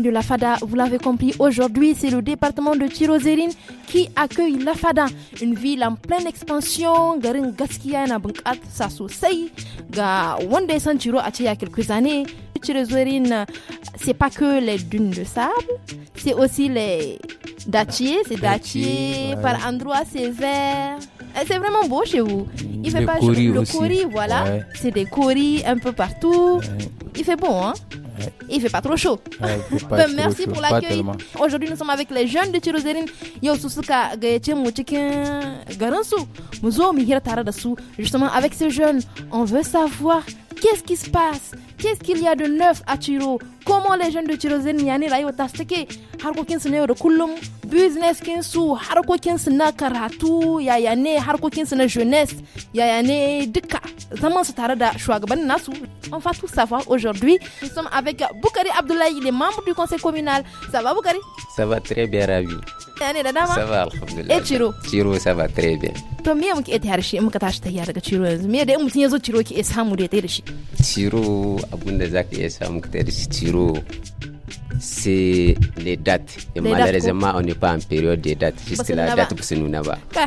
de la FADA, vous l'avez compris, aujourd'hui c'est le département de Tirozérine qui accueille la FADA, une ville en pleine expansion, garin gaskiya yana bunƙasa sosai ga wanda ya san Tiro a il y a quelques années c'est pas que les dunes de sable, c'est aussi les dattiers, c'est dattiers, par endroits c'est vert. C'est vraiment beau chez vous. Il fait pas kori le curry voilà, c'est des coris un peu partout. Il fait bon, hein. Il fait pas trop chaud. Ben, merci pour l'accueil. Aujourd'hui, nous sommes avec les jeunes de Tirozerine. Justement, avec ces jeunes, on veut savoir qu'est-ce qui se passe Qu'est-ce qu'il y a de neuf à Chiro Comment les jeunes de Tiro y yani rayo tasteke Harko business kinsu harkokinsu na karatu yaya ne harkokinsu na jeunesse Yayane ne duka zaman su tare da nasu on va tout savoir aujourd'hui nous sommes avec Boukari Abdoulaye il est membre du conseil communal ça va Boukari ça va très bien Rabi ça va alhamdulillah et Chiro Chiro ça va très bien to me muke ta harshe in muka tashi tahiya daga Chiro yanzu me da in mutun yazo Chiro ki samu da ya tayi da shi Chiro abinda zaka iya samu ka da shi Chiro c'est les dates. Et malheureusement, on n'est pas en période des dates. Juste la date pour ce nous n'a pas. À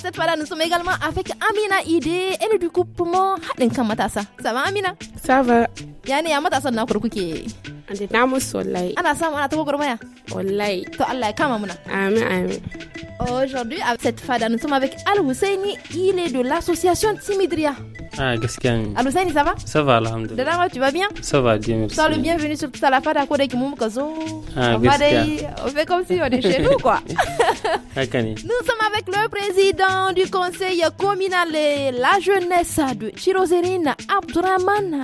cette fois-là, nous sommes également avec Amina Idé et le découpement Hadenka Matassa. Ça va, Amina? Ça va. Yani, ya matasa na kurkuke. Da namus wallahi. Ana samu ana tabo gurmaya? Wallahi. To Allah ya kama muna. Amen amen. Aujourd'hui, avec cette fada, nous sommes avec Al Husseini. Il est de l'association Timidria. Ah, qu'est-ce a Saini, ça va Ça va, alhamdulillah. Dana, tu vas bien Ça va, bien, merci. Sois le bienvenu sur toute la à Kodek Moumkazo. Ah, On fait comme si on est chez nous, quoi. Ah, nous sommes avec le président du conseil communal et la jeunesse de Chirozerine, Abdurrahman.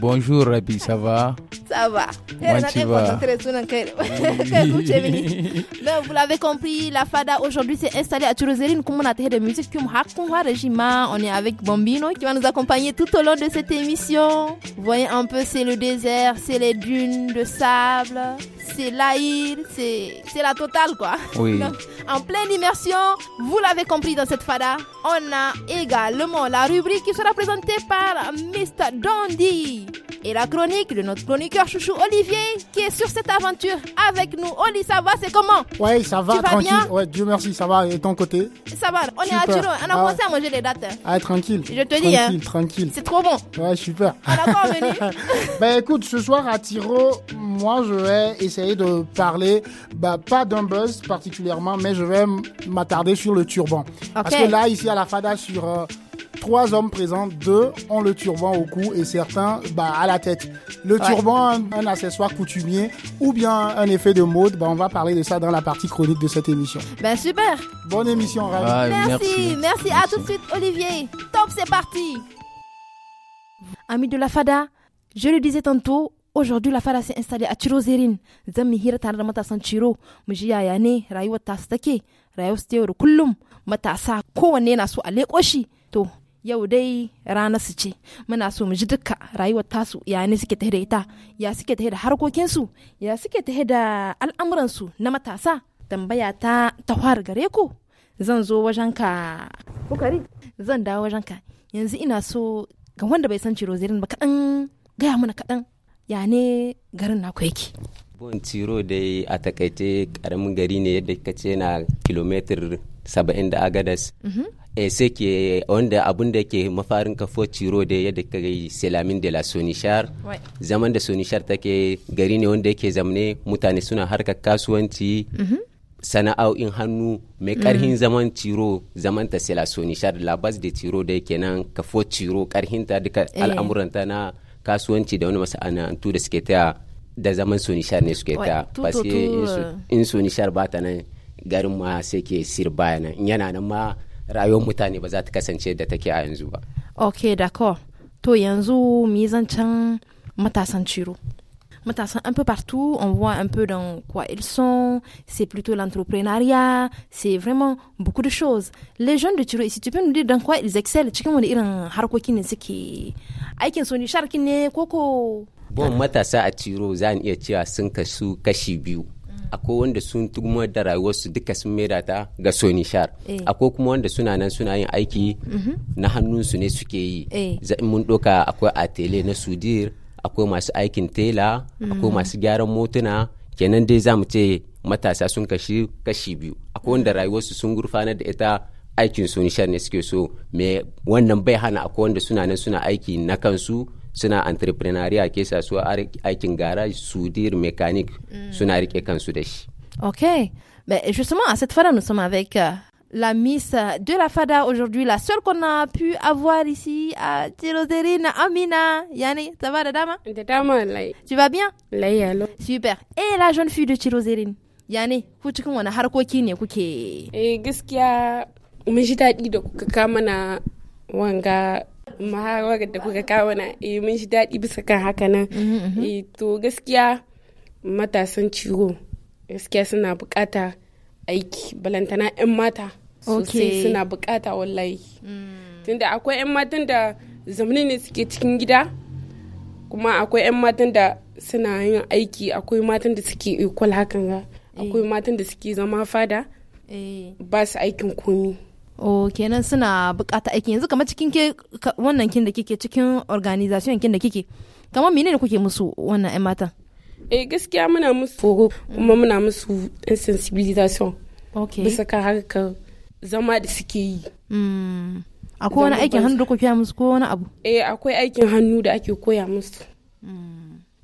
Bonjour Rabi, ça va Ça va. Eh, vous l'avez compris, la Fada aujourd'hui s'est installée à Turozerine, comme on de musique, on est avec Bambino qui va nous accompagner tout au long de cette émission. Vous voyez un peu, c'est le désert, c'est les dunes de sable c'est l'Aïr, c'est la totale quoi. Oui. en pleine immersion, vous l'avez compris dans cette fada, on a également la rubrique qui sera présentée par Mr. Dandy. Et la chronique de notre chroniqueur chouchou Olivier qui est sur cette aventure avec nous. Oli, ça va, c'est comment Ouais, ça va, tranquille. ouais, Dieu merci, ça va. Et ton côté Ça va, on est à Tiro, On a ah. commencé à manger les dates. Ah, tranquille. Je te hein. tranquille, dis. Tranquille, C'est trop bon. Ouais, super. On a pas ben, écoute, ce soir à Tiro, moi, je vais essayer de parler, bah, pas d'un buzz particulièrement, mais je vais m'attarder sur le turban. Parce que là, ici à la FADA, sur euh, trois hommes présents, deux ont le turban au cou et certains bah, à la tête. Le turban, un, accessoire coutumier ou bien un effet de mode, bah, on va parler de ça dans la partie chronique de cette émission. Ben, super Bonne émission, Ravi. merci, merci, merci, À tout de suite, Olivier. Top, c'est parti Amis de la FADA, je le disais tantôt, Aujourd'hui, la fara s'est installée à Zerin. Zan mi hira tare da matasan Tiro. mu ji yaya ne rayuwar ta su take, rayuwar su ta da kullum. Matasa kowanne na so a leƙo To, yau dai ranar su ce, muna so mu ji duka rayuwar tasu ya ne suke tahe ita, ya suke tahe da harkokinsu, ya suke tahe da al'amuransu na matasa. Tambaya ta ta fara gare ku. Zan zo wajenka. Bukari. Zan dawo wajenka. Yanzu ina so ga wanda bai san Chiro Zerin ba kaɗan gaya mana kaɗan ya ne garin na yake bon tiro dai a takaice karamin gari ne yadda ka ce na kilomitar 70 da agadas mhm. eh, sai ke wanda abun da ke mafarin kafo ciro da yadda ka gai selamin de la sonishar zaman da sonishar take gari ne wanda yake zamne mutane suna harkar kasuwanci mhm. sana'o'in hannu mai karhin mhm. zaman ciro zaman ta sela sonishar labas da ciro da yake nan kafo ciro karhinta duka eh. al'amuranta na kasuwanci da wani masana'antu da suke taya da zaman nishar ne suke taya parce in eh. nishar ba ta nan garin ma sai ke sir baya nan yana nan ma rayuwar mutane ba za ta kasance da take a yanzu ba ok d'accord to yanzu muyi can zancen matasan ciro un peu partout, on voit un peu dans quoi ils sont, c'est plutôt l'entrepreneuriat, c'est vraiment beaucoup de choses. Les jeunes de Tiro, si tu peux nous dire dans quoi ils excellent, cikin wani irin harkokin ne suke aikin su ne ne koko Bon matasa a Tiro Zan, iya cewa sun kasu kashi biyu. akwai mm. wanda sun tugmo da rayuwarsu duka sun maida ta ga Sony Shar. Akwai kuma wanda suna nan suna yin aiki na hannunsu ne suke yi. Za mun doka akwai atele na Sudir, akwai masu aikin tela mm. akwai masu gyaran motuna kenan dai za mu ce matasa sun kashi kashi biyu akwai wanda rayuwarsu sun gurfanar da ita aikin su nishar ne suke so me wannan bai hana akwai wanda suna nan suna aiki na kansu suna entrepreneuria ke sa su aikin garage sudir mechanic mm. suna rike kansu da shi ok mais justement à cette fois là nous sommes avec euh, la Miss de la Fada aujourd'hui, la seule qu'on a pu avoir ici à Tirozerine, Amina. Yanni, ça va, Dadama Dadama, là. Tu vas bien Là, allô. Super. Et la jeune fille de Tirozerine Yanni, ku cikin wani harkoki ne kuke? Eh gaskiya mun ji daɗi da kuka kama na wanga mahawarar da kuka kama na eh mun ji daɗi bisa kan haka nan. Mhm, mhm. Eh to gaskiya matasan ciwo gaskiya suna bukata aiki balantana 'yan mata sosai suna bukata wallahi mm. tunda akwai 'yan matan da zamani ne suke cikin gida kuma akwai 'yan matan da suna yin aiki akwai matan da suke ikwal hakan ga eh. akwai matan da suke zama fada eh. ba su aikin komi o oh, kenan suna bukata aiki. yanzu kamar cikin ke wannan kin da kike cikin organization kin da kike kamar menene kuke musu wannan 'yan matan eh gaskiya muna musu tsoro kuma muna musu insensibilisation sensibilization bisa ka harkar zama da suke yi akwai wani aikin hannu da ku koya musu ko wani abu eh akwai aikin hannu da ake koya musu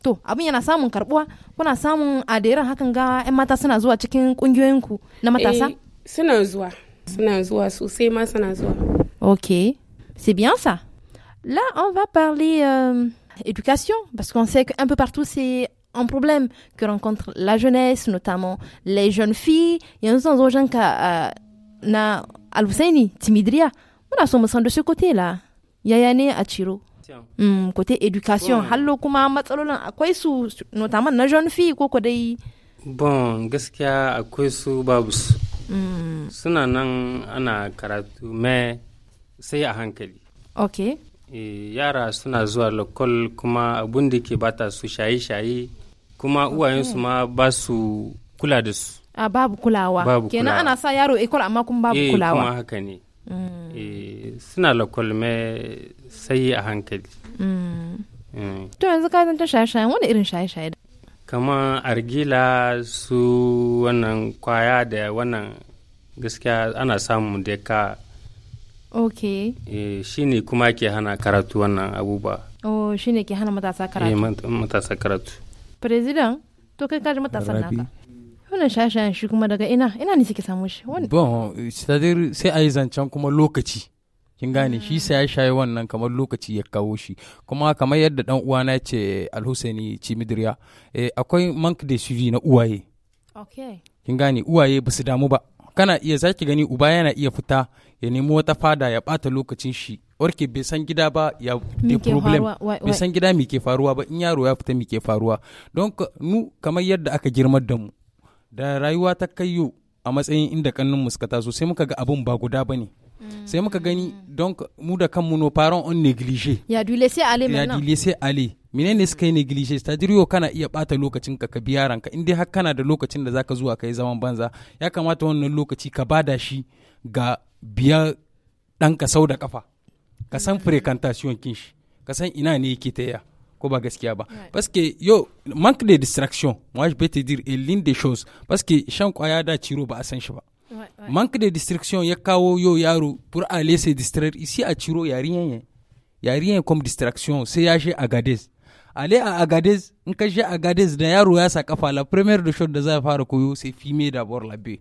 to abin yana samun karbuwa hein. kuna samun adairan hein, hakan ga yan mata suna zuwa cikin kungiyoyinku na matasa eh, suna zuwa suna zuwa sosai ma suna zuwa ok c'est bien ça là on va parler euh, éducation parce qu'on sait qu'un peu partout c'est un problème que rencontre la jeunesse, notamment les jeunes filles. Il y a un sens aux gens qui euh, na alusaini timidria. Muna so musan de ce côté-là. Yayane Achiro. Mm, côté éducation, hallo kuma matsalolin akwai su notamment na jeune fille quoi dai Bon, gaskiya akwai su babu su. Hmm. Suna nan ana karatu, mais sai a hankali. Okay. Eh, yara suna zuwa lokal kuma abun da ke bata su shayi shayi kuma uwayensu ma ba su kula da su a ah, babu kulawa kenan ana sa yaro ekol amma kuma babu eh, kulawa kuma haka ne mm. eh, suna lokal mai sai a hankali mm. to yanzu ka zanta shaye-shayen wani irin shaye-shaye kama argila su wannan kwaya da wannan gaskiya ana samu da ka ok e, shine kuma ke hana karatu wannan abubuwa oh shine ke hana matasa karatu e, matasa karatu president to kai kaji matasa naka wannan shashan shi kuma daga ina ina ne suke samu shi bon dire sai a yi zancen kuma lokaci kin gane shi ah. sai ya shaye wannan kamar lokaci ya kawo shi kuma kamar yadda dan uwa na ce alhusaini cimidiriya eh, akwai mank de suivi na uwaye kin gane uwaye ba su damu ba kana iya zaki gani uba yana iya fita ya nemi wata fada ya bata lokacin shi warke bai san gida ba ya da problem bai san gida mi faruwa ba in yaro ya fita mi faruwa don nu kamar yadda aka girmar da mu da rayuwa ta kayyo a matsayin inda kannun muskata sosai muka ga abun ba guda bane sai muka gani mm. don mu da kanmu no parents on neglige ya du laisser aller maintenant ya du laisser aller menene suka yi neglige c'est yau kana iya bata lokacin ka ka biya ranka in dai har kana da lokacin da zaka zuwa kai zaman banza ya kamata wannan lokaci ka bada shi ga biya ka sau da kafa ka san mm. fréquentation kin shi ka san ina ne yake taya ko ba gaskiya ba parce que yo manque de distraction moi je peux te dire est l'une des choses parce que shan kwaya da ciro ba a san shi ba Ouais, Manque de distraction, ya yo yaru pour aller se distraire. Ici à Tiro, il n'y a rien. Hein. Il n'y a rien comme distraction. C'est à Agadez. Aller à Agadez, in ka à Agadez da yaru ya sa kafa, la première chose choses da faire, fara koyo c'est fumer d'abord la baie.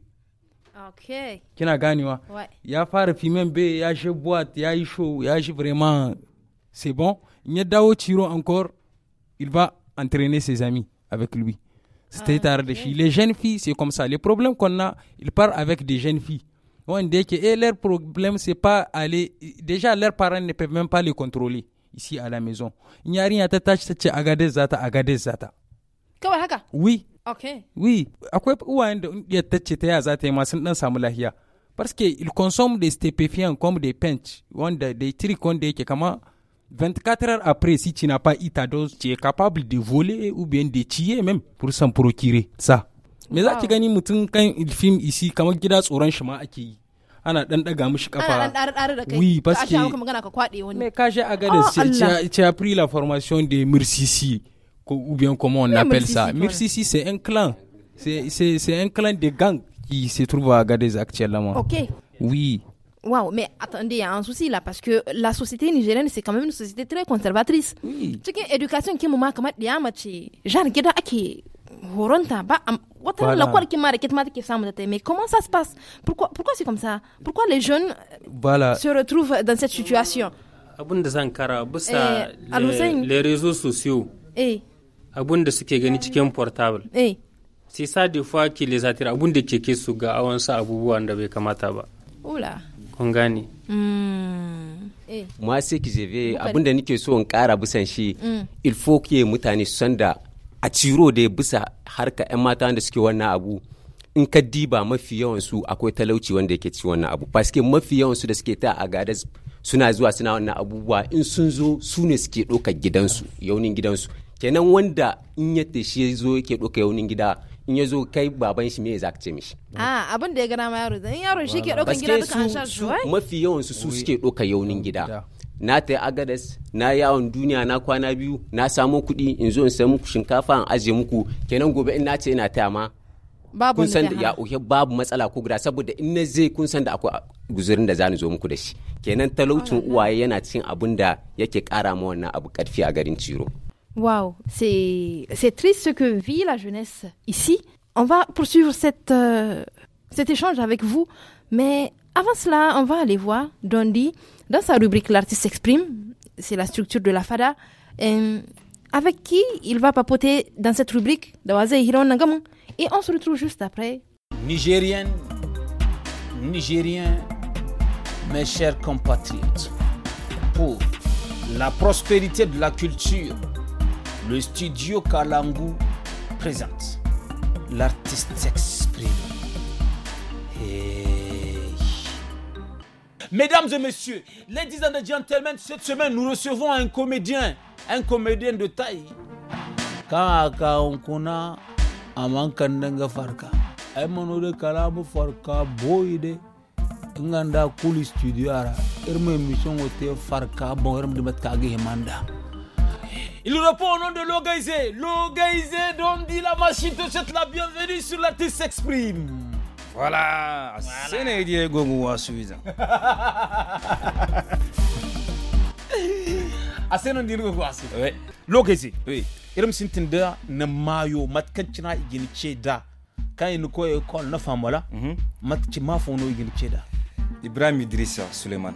Okay. Kina hein. Y Ouais. Ya fara fumer baie, ya je boîte, ya yi show, ya a vraiment c'est bon. Il y a Tiro encore, il va entraîner ses amis avec lui. C'était ah, okay. Les jeunes filles, c'est comme ça. Les problèmes qu'on a, ils partent avec des jeunes filles. On dit que et eh, leur problème, c'est pas aller. Déjà, leurs parents ne peuvent même pas les contrôler ici à la maison. Il n'y a rien à tâche, c'est agadez zata, agadez zata. Oui. Ok. Oui. à quoi da ya tace ta ya za ta yi samu lahiya. Parce qu'ils consomment des stupéfiants comme des pinches, on des trucs wanda que comment 24 heures après, si tu n'as pas eu ta dose, tu es capable de voler ou bien de tuer même pour s'en procurer ça. Mais tu tu gani quand il film ici kamar tu as shi ma ake yi. Ana dan daga kafa. Oui, parce que tu as pris la formation de Mirsisi ou bien comment on appelle ça. Mirsisi c'est un clan. C'est c'est un clan de gang qui se trouve à Agadez actuellement. OK. Oui. Waouh, mais attendez, il y a un souci là, parce que la société nigérienne, c'est quand même une société très conservatrice. Oui. qu'une éducation qui m'a kamar da genre, ce, jar gida ake horonta ba wata voilà. lakwar qui m'a reket ma take samu mais comment ça se passe Pourquoi pourquoi c'est comme ça Pourquoi les jeunes euh, se retrouvent dans cette situation Abunda zankara eh, les, réseaux sociaux. Eh. Abunda da suke gani cikin portable. Eh. C'est ça des fois qui les attire. Abunda da keke su ga awansa abubuwan da bai kun gane ma sai ki zebe abinda nike so in kara busan shi mm. ilfo ke mutane su da a ciro da bisa harka 'yan mata da suke wannan abu in ka diba mafi yawansu akwai talauci wanda yake ci wannan abu paske mafi yawansu da suke ta a gada suna zuwa suna wannan abubuwa in sun zo su ne suke ɗaukar gidansu yaunin gidansu kenan wanda in ya shi zo yake ɗauka yaunin gida in ya zo kai baban shi me za ka ce mishi a abin da ya gana ma yaro dan yaro shi ke ɗaukan gida duka an sha shi mafi yawan su su suke ɗauka yaunin gida na ta agadas na yawon duniya na kwana biyu na samo kuɗi in zo in sayi muku shinkafa in aje muku kenan gobe in na ce ina taya ma babu kun san ya oke babu matsala ko guda saboda in na zai kun san da akwai guzurin da zani zo muku da shi kenan talaucin uwaye yana cikin abin da yake kara ma wannan abu karfi a garin ciro Waouh, c'est triste ce que vit la jeunesse ici. On va poursuivre cette, euh, cet échange avec vous, mais avant cela, on va aller voir Dondi dans sa rubrique L'artiste s'exprime, c'est la structure de la FADA, euh, avec qui il va papoter dans cette rubrique Et on se retrouve juste après. Nigérienne, Nigérien, mes chers compatriotes, pour la prospérité de la culture le studio Kalangu présente l'artiste s'exprime. Mesdames et messieurs, ladies and gentlemen, cette semaine nous recevons un comédien, un comédien de taille. Kaka onkuna amankandanga farka. de kalamu farka boide Nganda kuli studio ara. Irme mission ote farka bon irme de batkage manda. Il répond au nom de l'organisé. L'organisé donc dit la machine te souhaite la bienvenue sur l'artiste s'exprime. Voilà, c'est suffisant. Assez non dire Oui. Oui. Quand il nous école neuf mhm. matchi mafono igincheda. Ibrahim Idrissa Suleiman.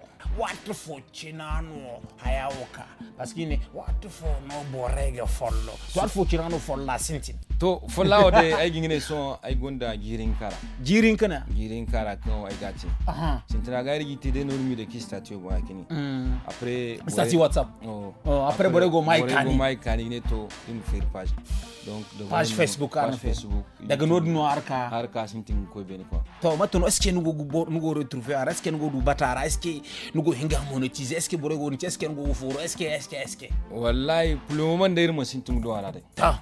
watufu cinano ayawoka parce que ne watufu no borege follo watufu cinano folla sintin to fulawa da ai gingine son ai gonda jirin kara jirin kana jirin kara kan ai gati aha sintra ga rigi te de normi de kista te ba kini mm. après statue whatsapp oh Oh, après borego mai kani borego mai kani ne to in fair page donc de page facebook page facebook daga nod no arka arka sintin ko be ni ko to matono est ce que nugo nugo retrouver ara est ce que nugo du batara est ce que nugo hinga monetiser est ce borego ni est ce nugo foro est ce est ce est ce wallahi pour moment d'ailleurs mo sintin do ala de ta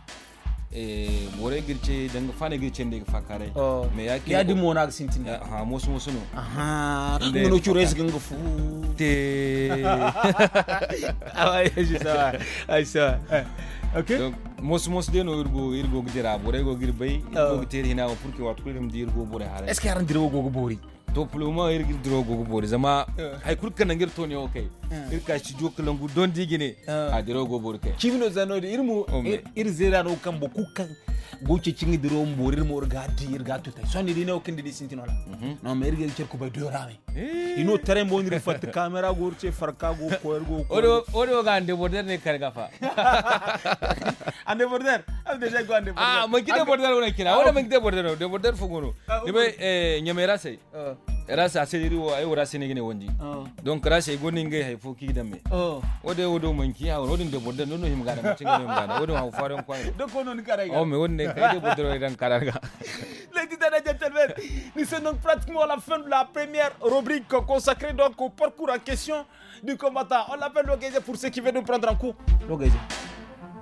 wore eh, girce danga fana girce ndege fakare oh. mais yake ya dum wona sintin ha mosu mosu no aha ngono chure zganga fu te ay je ça ay ça ok donc mosu mosu de no irgo irgo gidira bore go girbay oh. irgo gitir hina o purki wat kulim dirgo bore hare est ce que aran dirgo go bori toploma iri drogo kubores ama hay kuri eh. kanangir tony okay eh. iri kashi jo kelongu don digine eh. a ah, drogo borke chimino zano iri mu iri zera no kambo kuka go che chingi dro mbo iri mu orga di iri ga tuta so ni dine okin dine sintino la mhm. no me iri ge cher kubai do rame you know tere mbo ni fat camera go che farka go ko ergo ko ore ore ga ande borde ne kar gafa en débordeur am déjà en débordeur ah débordeur Je suis ma débordeur débordeur suis wonji donc rase oh débordeur Je suis Ladies and gentlemen, nous sommes donc pratiquement à la fin de la première rubrique consacrée donc au parcours en question du combattant. On l'appelle l'Ogaise e pour ceux qui veulent nous prendre en cours. L'Ogaise.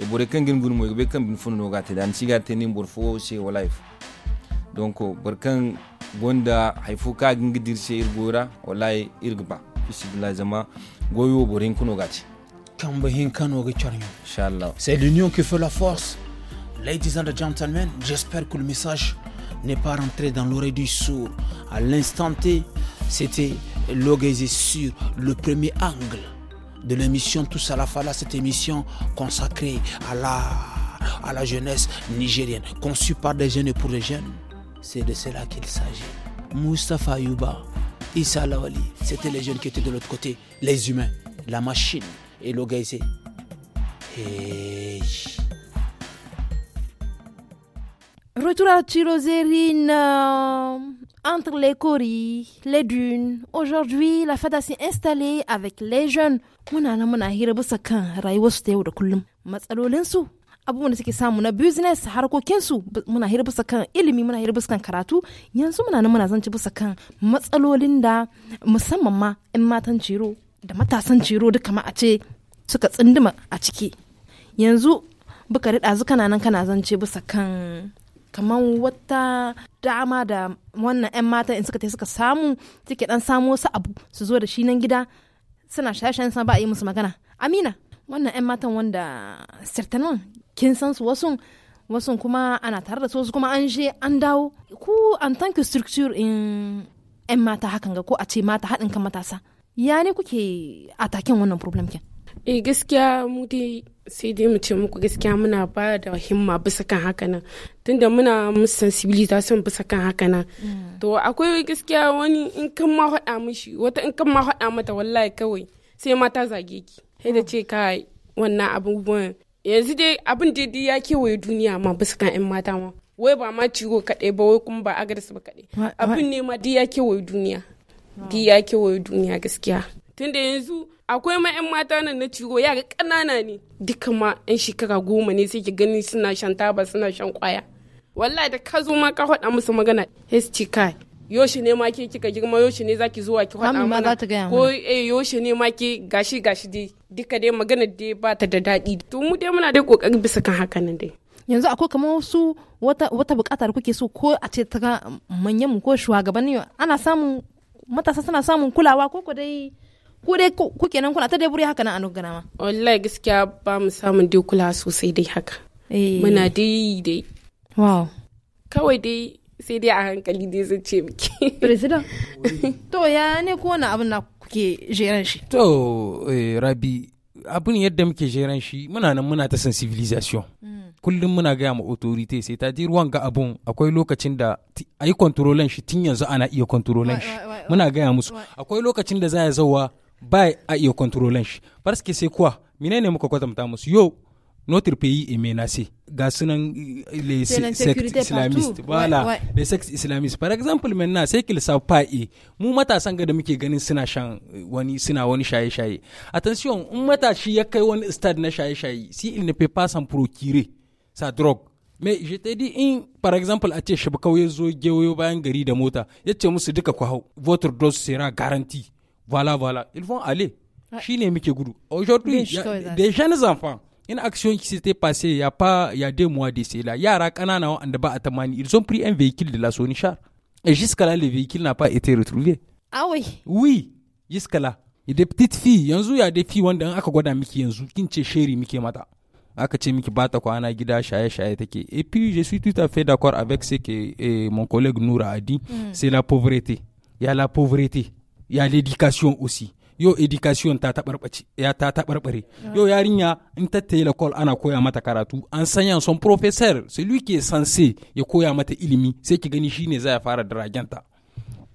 e bore kan gin gun moy be kan bin funu no gate dan siga te nim bor fo se wala ifo donc oh, bor kan gonda haifu ka gin gidir se irgora wallahi irgba bismillah zama goyo borin kuno gate kan bahin kano ga charnyo inshallah c'est l'union qui fait la force ladies and gentlemen j'espère que le message n'est pas rentré dans l'oreille du sourd à l'instant T c'était logé sur le premier angle de l'émission Tous à la Fala, cette émission consacrée à à la jeunesse nigérienne, conçue par des jeunes et pour les jeunes. C'est de cela qu'il s'agit. Mustafa Yuba, Issa Lawali, c'était les jeunes qui étaient de l'autre côté, les humains, la machine et l'ogaïsé. Et... Retour à Tulozérine, euh, entre les coris, les dunes. Aujourd'hui, la fada s'est installée avec les jeunes. Muna na muna hira bisa kan rayuwarsu ta yau da kullum. Matsalolinsu, abubuwan da suke samu na business, harkokinsu, muna hira bisa ilimi, muna hira bisa karatu. Yanzu muna na muna zance bisa kan matsalolin da musamman ma 'yan matan ciro da matasan ciro duka ma a ce suka tsinduma a ciki. Yanzu, buka daɗa kana nan kana zance bisa kan kamar wata dama da wannan 'yan mata in suka tai suka samu suke dan samu wasu abu su zo da shi nan gida suna shashen sa ba a yi musu magana amina wannan 'yan matan wanda sirtanon kin san su wasu wasu kuma ana tare da su wasu kuma an je an dawo ku an tanki structure in 'yan mata hakan ga ko a ce mata haɗin kan matasa ya ne kuke a taken wannan problem kin eh gaskiya mu dai sai dai mu ce muku gaskiya muna ba da himma bisa kan haka nan tunda muna musu sensibilization bisa kan haka nan mm. to akwai gaskiya wani in kan ma faɗa mishi wata in kan ma faɗa mata wallahi kawai sai mata zage ki sai da mm. ce ka wannan abubuwan yanzu dai abin daidai ya kewaye duniya ma bisa kan 'yan mata ma wai ba ma ciwo kaɗai ba wai kuma ba agaris ba kaɗai abin ne ma dai ya kewaye duniya dai ya kewaye duniya gaskiya tunda yanzu akwai ma 'yan mata nan na ya yara ƙanana ne duka ma 'yan shekara goma ne sai ki gani suna shan taba suna shan kwaya wallahi da ka zo ma ka faɗa musu magana hesti kai yoshi ne ma ke kika girma yoshi ne zaki zuwa ki faɗa mana ko eh yoshi ne ma ke gashi gashi dai duka dai magana dai ba ta da daɗi to mu dai muna dai kokari bisa kan haka nan dai yanzu akwai kamar wasu wata wata bukatar kuke so ko a ce ta manyan mu ko shugabanni ana samun matasa suna samun kulawa ko ko dai ko dai ku kenan kuna ta dai buri haka nan anu gana ma wallahi gaskiya ba mu samun dai kula sosai dai haka eh. muna dai dai wow kawai dai sai dai a hankali dai zan ce miki president to ya ne ko wani abin na kuke jeran shi to eh, rabi abin yadda muke jeran shi muna nan muna ta sensibilisation hmm. kullum muna gaya ma autorite sai ta ji ruwan ga abun akwai lokacin da a yi kwantarolan shi tun yanzu ana iya kwantarolan shi muna gaya musu akwai lokacin da za ya zauwa ba a iya kontrolan shi parce que quoi mine ne muka kwatanta musu yo notre pays est menacé ga sunan eh, les sectes islamistes voilà les sectes islamistes par exemple maintenant c'est qu'ils savent pas mu matasan ga da muke ganin suna shan eh, wani suna wani shaye shaye attention in matashi ya kai wani stade na shaye shaye si il ne peut pas s'en procurer sa drogue mais je te dis in par exemple a ce shabakau ya zo gewayo bayan gari da mota yace musu duka ku hau votre dose sera garantie Voilà, voilà. Ils vont aller. Aujourd'hui, les Aujourd'hui, hein. des jeunes enfants. Une action qui s'était passée il y a pas il y a deux mois d'ici là. Ils ont pris un véhicule de la Sonichar. Et jusqu'à là, le véhicule n'a pas été retrouvé. Ah oui. Oui, jusqu'à là. Il y a des petites filles. Il y a des filles qui ont et puis je suis tout à fait d'accord avec ce que eh, mon collègue Noura a dit hmm. c'est la pauvreté il y a la pauvreté il y a l'éducation aussi yo education ta taɓarɓace ya ta taɓarɓare yo yarinya in ta tayi lakol ana koya mata karatu an son professeur celui qui est censé ya koya mata ilimi sai ki gani shine za ya fara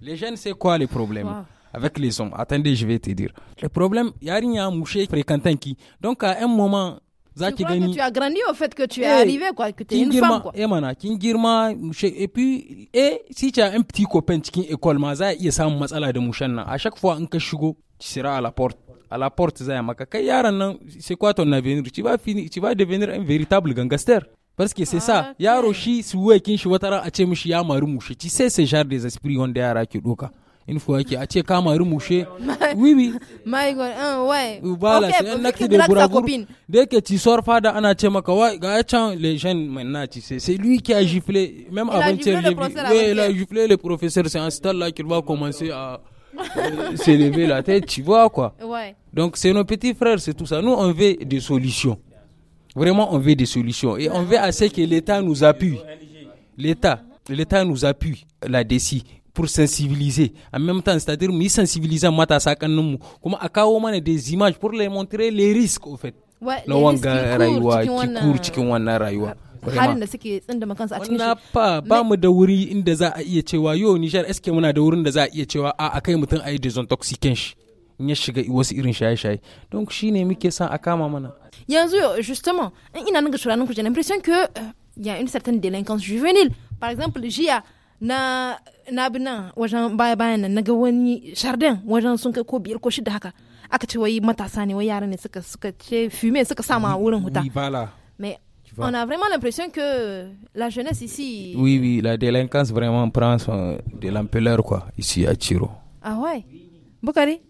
les jeunes c'est quoi les problèmes avec les hommes attendez je vais te dire le problème yarinya mushe fréquentant qui donc à un moment Za tu gani... tu as grandi au fait que tu es eh, arrivé, quoi, que tu es une femme. Quoi. Eh, mana, kin girma, et puis, eh, si tu as un petit copain cikin école ma za iya samun matsala de mushan À chaque fois un ka shigo, tu seras à la porte. À la porte za maka kai yaran nan, c'est quoi ton avenir? Tu vas finir, tu vas devenir un véritable gangster. Parce que c'est ça, ah, yaro shi su kin shi wata a ce ya mari mushi. Tu sais ce genre des esprits wanda yara ke doka une fois y a un un Mouché. Oui, oui. My God, hein, ouais. Voilà, c'est un acte de bravoure. Dès que tu sors Fada de Kawai, les jeunes maintenant, tu sais, c'est lui qui a giflé, même avant-hier, j'ai vu. Oui, il a giflé le professeur, c'est un style là qu'il va commencer à euh, s'élever la tête, tu vois quoi. Ouais. Donc c'est nos petits frères, c'est tout ça. Nous, on veut des solutions. Vraiment, on veut des solutions. Et on veut assez que l'État nous appuie. L'État. L'État nous appuie, la décis pour sensibiliser. En même temps, c'est-à-dire, mi sensibiliser matasa kannumu. Kuma a kawo mana des images pour les montrer les risques, au fait. Na wanga rayuwa, kikur cikin wannan rayuwa. harin da suke tsindama kansu a cikin shi. fa ba mu da wuri inda za a iya cewa yo ah, nishar eske muna da wurin da za a iya cewa a akai mutum ayi yi dezontoxicin shi. in ya shiga wasu irin shaye-shaye donc shine muke son a kama mana yanzu justement in ina nan ga shuranin ku j'ai l'impression que euh, il y a une certaine délinquance juvénile par exemple jiya na na bi nan wajen baya bayan nan naga wani shardin wajen sun kai ko biyar ko shida haka aka ce wai matasa ne wai yara ne suka suka ce fume suka sama wurin huta mais on a vraiment l'impression que la jeunesse ici oui oui la délinquance vraiment prend son, de l'ampleur quoi ici à Chiro ah ouais Bukari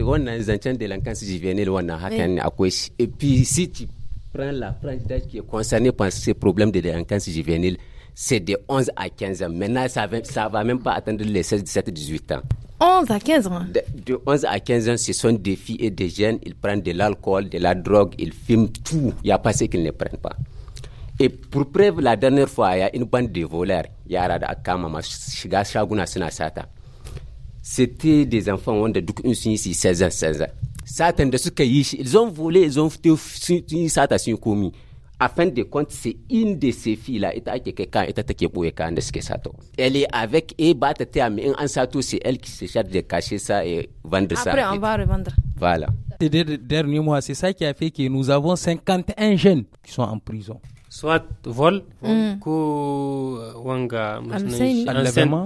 wannan zancen délinquance juvénile wannan hakan akwai shi et puis si tu prends la frange d'âge qui est concernée par ces problèmes de délinquance juvénile c'est de 11 à 15 ans. Maintenant, ça ne va, même pas attendre les 16, 17, 18 ans. 11 à 15 ans de, 11 à 15 ans, ce sont des filles et des jeunes. Ils prennent de l'alcool, de la drogue, ils fument tout. Il n'y a pas ce qu'ils ne prennent pas. Et pour preuve, la dernière fois, il y a une bande de voleurs. Il y a C'était des enfants, on a 16 ans, 16 ans. de ils ont volé, ils ont fait Sata commis. Afin fin de compte, c'est une de ces filles-là, Elle est avec et c'est elle qui se charge de cacher ça et vendre ça. Après, on va revendre. Voilà. Ces derniers mois, c'est ça qui a fait que nous avons 51 jeunes qui sont en prison. Soit vol, hmm. euh, ou enlevement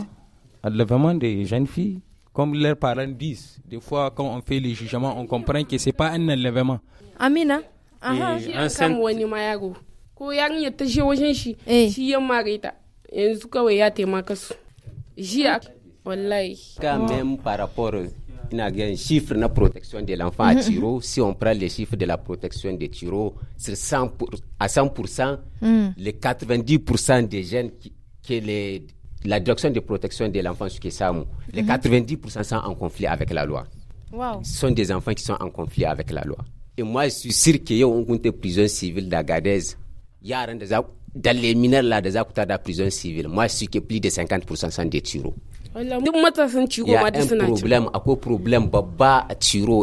enlèvement des jeunes filles. Comme leurs parents disent, des fois quand on fait les jugements, on comprend que ce n'est pas un enlèvement. Amina, eh, an je même par rapport ina gain chiffre na protection de l'enfant à mhm. tiro si on prend les chiffres de la protection des tiro 100 à 100% mm. les 90% des jeunes qui, qui les la de protection de l'enfant qui les 90% mhm. sont en conflit avec la loi. Ce sont des enfants qui sont en conflit avec la loi. Et moi, je suis sûr qu'il y a une prison civil d'Agadez Gadez, y a dans les mineurs là da a prison civile moi je suis que plus de 50% sont des tiroirs. Il y a un problème. à quoi problème babba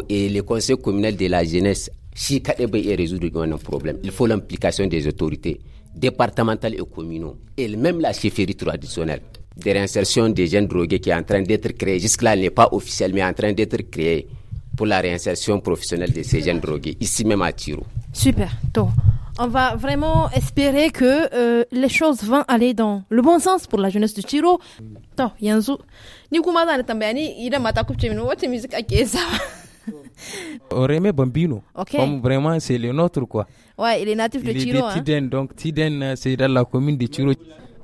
et le conseil communal de la jeunesse si kaɗai veut résoudre un problème, il faut l'implication des autorités départementales et communaux et même la chefferie traditionnelle de réinsertion des jeunes drogués qui est en train d'être créée jusque là elle n'est pas officielle mais en train d'être créée pour la réinsertion professionnelle de ces jeunes drogués, ici même à Tiro. Super. Donc, on va vraiment espérer que euh, les choses vont aller dans le bon sens pour la jeunesse de Tiro. Donc, yanzu, ni kuma zan ne ni idan mata kubce min wace musique On sawa. Oreme Bambino. Ok. Comme vraiment, c'est le nôtre, quoi. Ouais, il est natif de Tiro. Il est hein. Tiden, hein. donc Tiden, euh, c'est dans la commune de Tiro.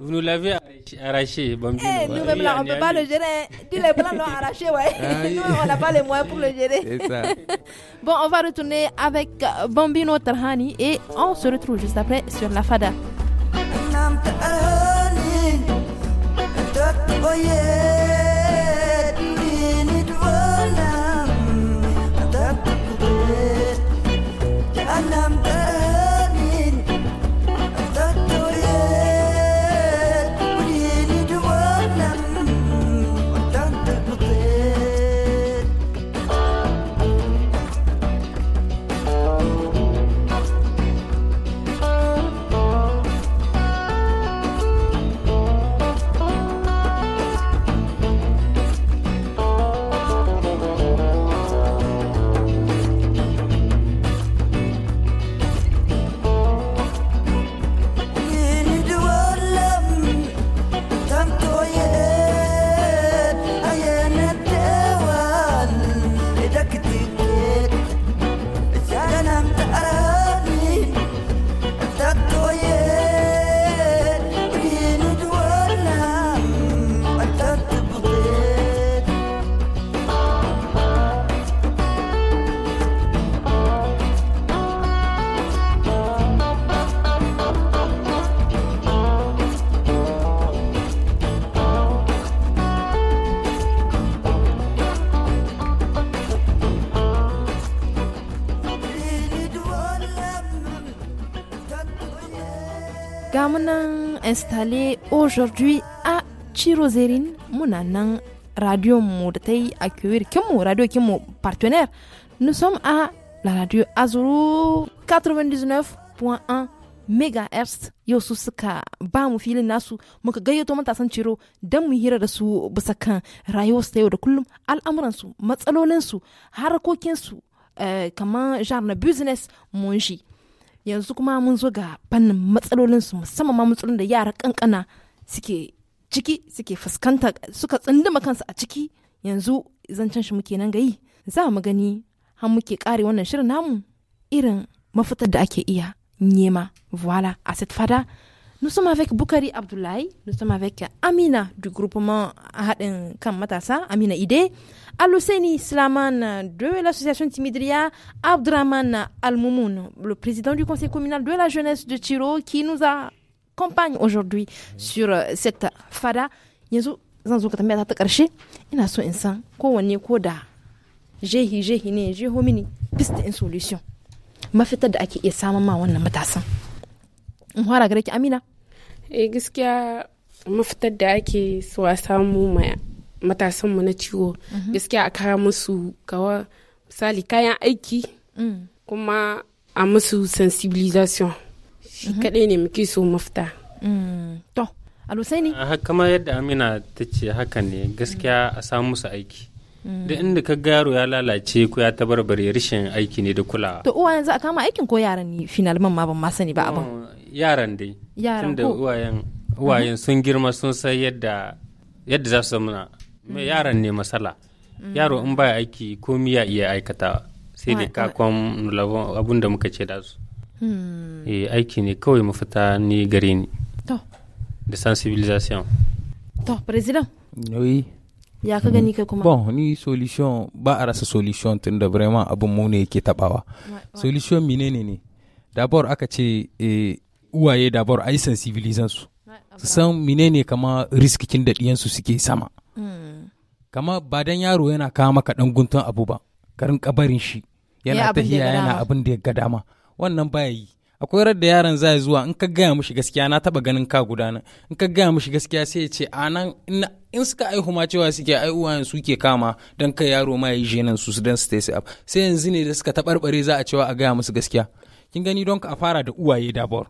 Vous nous l'avez arraché, Bambino. Eh, nous-mêmes, là, on ne peut pas le gérer. Tu les blancs l'ont arraché, ouais. Ah, nous, on n'a pas les moyens pour le gérer. ça. bon, on va retourner avec Bambino Tarhani et on se retrouve juste après sur la Fada. sommes installé aujourd'hui à Chirozerin, Munanan Radio Mourtei accueillir Kemo Radio Kemo partenaire. Nous sommes à la radio Azuru 99.1 MHz. Yo suska ba mu filin nasu muka gayyato san ciro dan mu hira da su bisa kan rayuwarsu ta da kullum al'amuransu matsalolinsu harkokinsu kamar euh, jar na business monji. yanzu kuma mun zo ga fannin matsalolinsu musamman ma matsalolin da yara kankana suke ciki suke fuskanta suka tsunduma kansu a ciki yanzu zancen shi muke nan gayi za mu gani har muke kare wannan shirin namu irin mafitar da ake iya nema voila a fada Nous sommes avec Boukari Abdoulaye, nous sommes avec Amina du groupement Kam Kamatasa, Amina Ide, Aluseni Slaman de l'association Timidria, Abdraman Almoumoun, le président du conseil communal de la jeunesse de Tiro, qui nous accompagne aujourd'hui sur cette fada. solution eh gaskiya mafitar da ake so a samu matasanmu na ciwo mhm. gaskiya a kawo musu kawa misali kayan aiki mm. kuma a musu sensibilisation shi mhm. kaɗai ne muke so mafita mm. to alusaini kamar yadda amina ta ce haka ne gaskiya a samu musu aiki mm. da inda ka yaro ya lalace ko ya tabarbare rashin aiki ne da kulawa to uwa yanzu a kama aikin ko yaran ni final ma ban ma sani ba abin yaran dai yaran tunda uwayen uwayen sun girma sun san yadda yadda za su na mai mm. yaran ne masala mm. yaro in ba aiki komi ya iya aikata sai da kakon abun da muka ce da su hmm. eh, aiki ne kawai mafita ni gare ni da sensibilisation to president oui ya ka gani kai kuma bon ni solution ba a rasa solution tun da vraiment abun mu ne yake tabawa solution menene ne d'abord aka ce eh, uwaye da bar yi sensibilizan su su san menene kama riskikin da ɗiyansu suke sama hmm. kama ba dan yaro yana kawo maka dan guntun abu ba karin kabarin shi yana tahiya yana abin da ya ga dama wannan baya yi akwai rar da yaron zai zuwa in ka gaya mishi gaskiya na taba ganin ka gudana in ka gaya mishi gaskiya sai ya ce a nan in suka aihu ma cewa suke ai su ke kama don kai yaro ma yi jenan su dan su sai yanzu ne da suka tabarbare za a cewa a gaya musu gaskiya kin gani don ka fara da uwaye dabor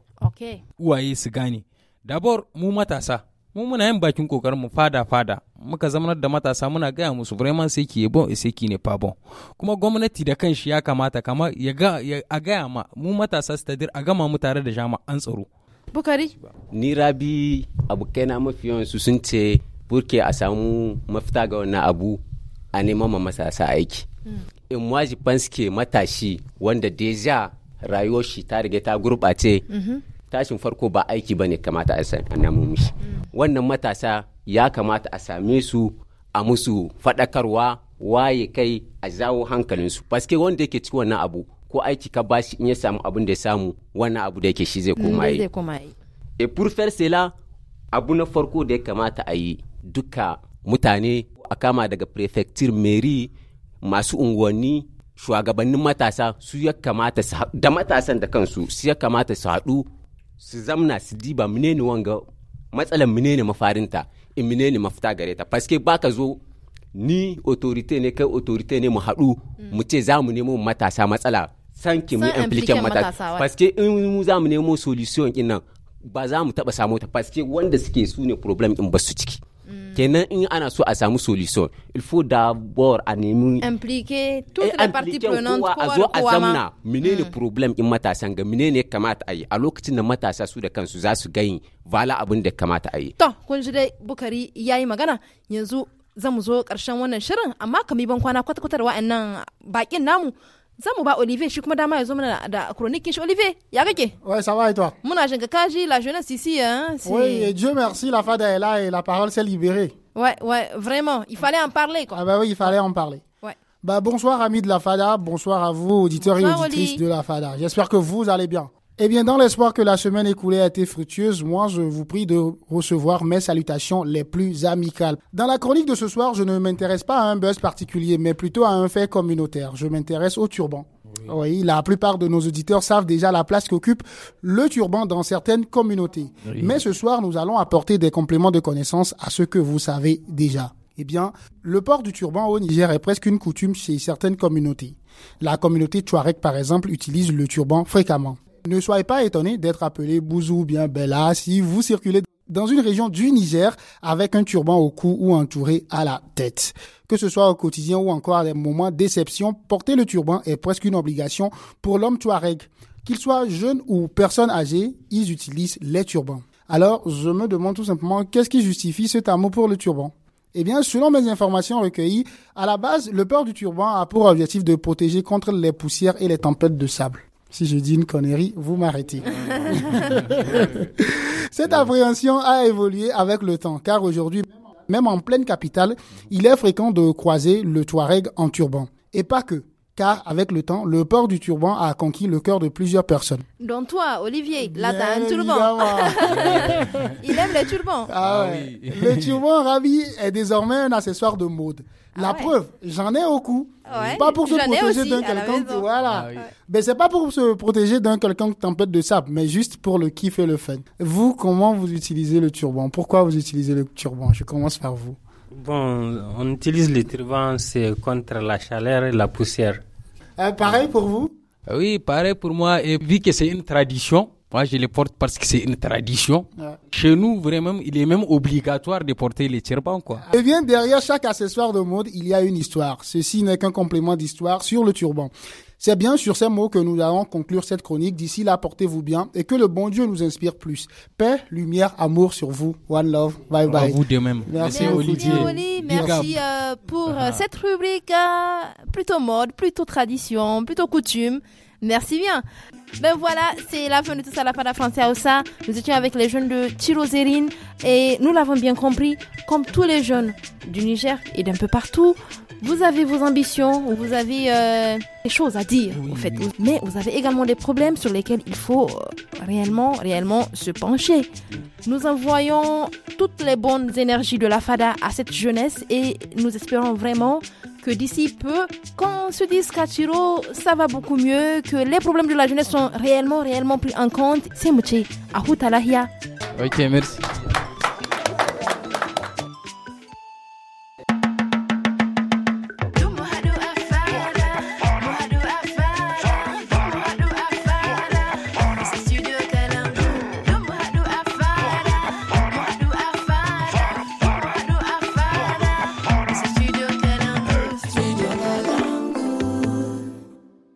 uwaye su gane dabor mu matasa mu muna yin bakin kokarin mu fada fada muka zamanar da matasa muna gaya musu vraiment sai ki bon sai ki ne fa bon kuma gwamnati da kanshi ya kamata kamar ya ga a gaya ma mu matasa su tadir a gama mu tare da jama'an tsaro bukari ni rabi abokaina mafi yawan su sun ce burke a samu mafita ga wannan abu a neman ma matasa aiki mm. in wajiban suke matashi wanda deja rayuwar shi ta riga ta gurɓace mhm. tashin farko ba aiki bane kamata a samu mishi mm. wannan matasa ya kamata a same su a musu faɗakarwa waye kai a zawo hankalinsu paske wanda yake ci wannan abu ko aiki ka bashi in ya samu abin da ya samu wannan abu da yake shi zai koma mm, yi e pour faire cela abu na farko da ya kamata a yi duka mutane a kama daga prefecture mairie masu unguwanni shugabannin matasa su ya kamata su da matasan da kansu su ya kamata su haɗu su zamna su diba menene wanga matsalan menene mafarinta in menene mafita gare ta paske baka zo ni autorite ne kai autorite ne mu haɗu mm. mu ce za mu nemo matasa matsala ki mu impliquer matasa paske in mu za mu nemo solution ɗin nan ba za mu taɓa samu ta paske wanda suke su ne problem in ba su ciki Mm. kenan in ana so a samu solution il faut d'abord a nemi impliquer toutes eh, les parties prenantes a zo a zamna menene mm. problem in matasan ga menene kamata a a lokacin da matasa su da kansu za su gani vala abin da kamata a to kun ji dai bukari yayi magana yanzu zamu zo karshen wannan shirin amma ban kwana kwata-kwatar wa'annan bakin namu za ba Olivier je suis dama ya zo mana da chronique Olivier ya qui? ouais ça va et toi Mon agent kaji la jeunesse ici hein oui et Dieu merci la fada est là et la parole s'est libérée ouais ouais vraiment il fallait en parler quoi ah bah oui il fallait en parler ouais bah bonsoir amis de la fada bonsoir à vous auditeurs et auditrices de la fada j'espère que vous allez bien eh bien, dans l'espoir que la semaine écoulée a été fructueuse, moi, je vous prie de recevoir mes salutations les plus amicales. Dans la chronique de ce soir, je ne m'intéresse pas à un buzz particulier, mais plutôt à un fait communautaire. Je m'intéresse au turban. Oui. la plupart de nos auditeurs savent déjà la place qu'occupe le turban dans certaines communautés. Mais ce soir, nous allons apporter des compléments de connaissances à ce que vous savez déjà. Eh bien, le port du turban au Niger est presque une coutume chez certaines communautés. La communauté Touareg, par exemple, utilise le turban fréquemment. Ne soyez pas étonné d'être appelé Bouzou ou bien Bella si vous circulez dans une région du Niger avec un turban au cou ou entouré à la tête. Que ce soit au quotidien ou encore à des moments d'exception, porter le turban est presque une obligation pour l'homme touareg. Qu'il soit jeune ou personne âgée, ils utilisent les turbans. Alors, je me demande tout simplement qu'est-ce qui justifie cet amour pour le turban eh bien, selon mes informations recueillies, à la base, le port du turban a pour objectif de protéger contre les poussières et les tempêtes de sable. Si je dis une connerie, vous m'arrêtez. Cette appréhension a évolué avec le temps, car aujourd'hui, même en pleine capitale, il est fréquent de croiser le Touareg en turban. Et pas que car avec le temps, le port du turban a conquis le cœur de plusieurs personnes. Donc toi, Olivier, là t'as un turban. Il aime les turbans. Ah, ah oui. le turban ravi est désormais un accessoire de mode. Ah la preuve, j'en ai au cou. Pas pour se protéger d'un quelqu'un voilà. Ah mais c'est pas pour se protéger d'un quelconque tempête de sable, mais juste pour le kiff et le fun. Vous, comment vous utilisez le turban Pourquoi vous utilisez le turban Je commence par vous. Bon, on utilise les turbans, c'est contre la chaleur et la poussière. Euh, pareil pour vous euh, Oui, pareil pour moi. Et vu que c'est une tradition, moi je les porte parce que c'est une tradition. Chez nous, vraiment, il est même obligatoire de porter les turbans. Quoi. Et eh bien, derrière chaque accessoire de mode, il y a une histoire. Ceci n'est qu'un complément d'histoire sur le turban. C'est bien sur ces mots que nous allons conclure cette chronique. D'ici là, portez-vous bien et que le bon Dieu nous inspire plus. Paix, lumière, amour sur vous. One love. Bye bye. À vous de même. Merci, Olivier. Merci euh, pour euh, ah. cette rubrique euh, plutôt mode, plutôt tradition, plutôt coutume. Merci bien. Ben voilà, c'est la fin de tout ça, la Fada Française. France Nous étions avec les jeunes de Tirozérine et nous l'avons bien compris, comme tous les jeunes du Niger et d'un peu partout, vous avez vos ambitions, vous avez euh, des choses à dire, en fait. Mais vous avez également des problèmes sur lesquels il faut euh, réellement, réellement se pencher. Nous envoyons toutes les bonnes énergies de la FADA à cette jeunesse et nous espérons vraiment que d'ici peu, quand on se dise Kachiro, ça va beaucoup mieux, que les problèmes de la jeunesse sont réellement, réellement pris en compte, c'est Mouché. Ahout lahia Ok, merci.